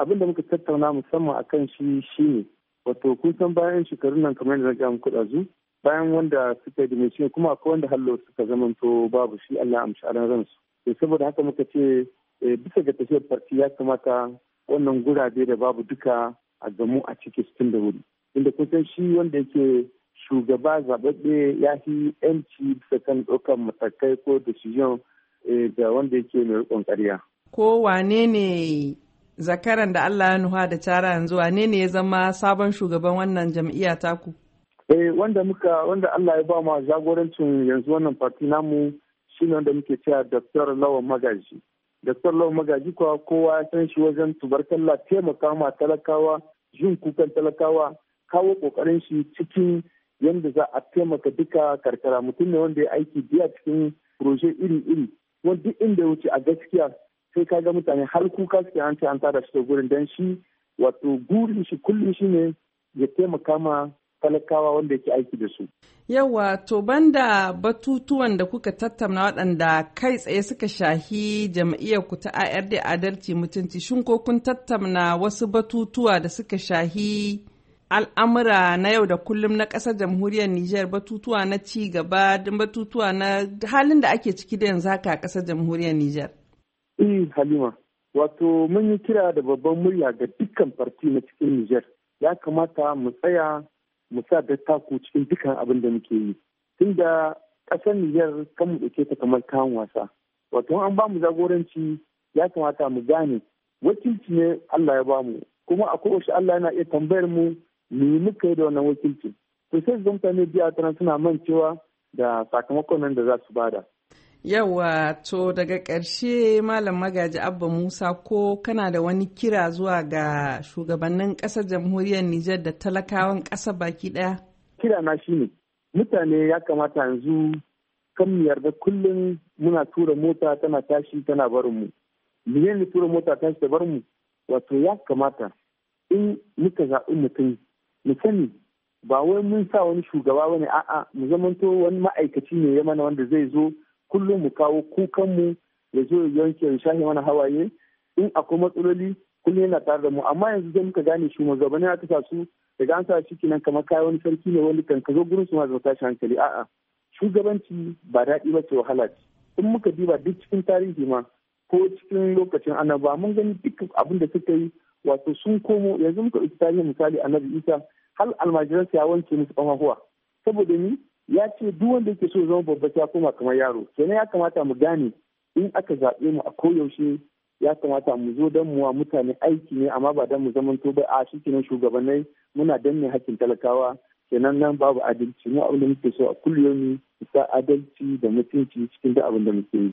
abin da muka tattauna musamman akan shi shi ne wato kun san bayan shekarun nan kamar yadda na gaya zu bayan wanda suka yi shi kuma akwai wanda hallo suka zamanto babu shi Allah amshi ran ransu to saboda haka muka ce eh, bisa ga tafiyar farti ya kamata wannan gurabe da babu duka a gamu a ciki cikin da wuri inda kun san shi wanda yake shugaba zaɓaɓɓe ya fi yanci bisa kan ɗaukar matakai ko decision da eh, wanda yake mai riƙon ƙarya. Ko wane ne zakaran da Allah ya nuha da tara yanzu wane ne ya zama sabon shugaban wannan jam'iyya taku? Eh wanda muka wanda Allah ya ba ma jagorancin yanzu wannan fati namu shine wanda muke cewa Dr. Lawan Magaji. Dr. Lawan Magaji kuwa kowa ya san shi wajen tubarkalla taimaka ma talakawa, jin kukan talakawa, kawo kokarin shi cikin yadda za a taimaka duka karkara mutum ne wanda ya aiki biya cikin proje iri-iri wanda duk inda ya wuce a gaskiya sai ka ga mutane har kuka suke an ce an tada shi da gurin dan shi wato gurin shi kullum shi ne ya taimaka ma talakawa wanda yake aiki da su. Yawa to banda batutuwan da kuka tattauna waɗanda kai tsaye suka shahi jam'iyyar ku ta ARD adalci mutunci shin ko kun tattauna wasu batutuwa da suka shahi al'amura na yau da kullum na ƙasar jamhuriyar Nijar batutuwa na ci gaba batutuwa na halin da ake ciki da yanzu haka a ƙasar jamhuriyar Nijar. Eh Halima, wato mun yi kira da babban murya ga dukkan farti na cikin Nijar. Ya kamata mu tsaya mu sa da taku cikin dukkan abin da muke yi. Tunda ƙasar Nijar kan mu ɗauke ta kamar kawan wasa. Wato an ba mu jagoranci ya kamata mu gane wakilci ne Allah ya ba Kuma a kowace Allah yana iya tambayar mu me muka yi da wannan wakilci. To sai ne biya suna mancewa da sakamakon nan da za su bada. Yawa to daga ƙarshe Malam Magaji Abba Musa ko kana da wani kira zuwa ga shugabannin ƙasar jamhuriyar Nijar da talakawan ƙasa baki ɗaya? Kira na shi ne, mutane ya kamata yanzu kan mu yarda kullum muna tura mota tana tashi tana barin mu. Miyan ne tura mota tashi ta barin mu? Wato ya kamata in muka zaɓi mutum mu sani ba wai mun sa wani shugaba bane a'a mu zamanto wani ma'aikaci ne ya mana wanda zai zo kullum mu kawo kukanmu ya zo ya shahi mana hawaye in akwai matsaloli kullum yana tare da mu amma yanzu zai muka gane shi ne aka sa su daga an sa shi kenan kamar kai wani sarki ne wani kan ka zo gurin su ma zai tashi hankali a'a shugabanci ba daɗi ba ce wahala ce in muka diba duk cikin tarihi ma ko cikin lokacin annaba mun gani duk abin da suka yi wato sun komo yanzu muka ɗauki tarihin misali annabi isa hal almajiransa ya wanke musu ƙafafuwa saboda ni ya ce duk wanda yake so zama babba ya koma kamar yaro kenan ya kamata mu gane in aka zaɓe mu a koyaushe ya kamata mu zo don muwa mutane aiki ne amma ba don mu zamanto ba a shi kenan shugabanai muna danne hakkin talakawa kenan nan babu adalci mu abin da muke so a kulliyomi isa adalci da mutunci cikin duk abin da muke yi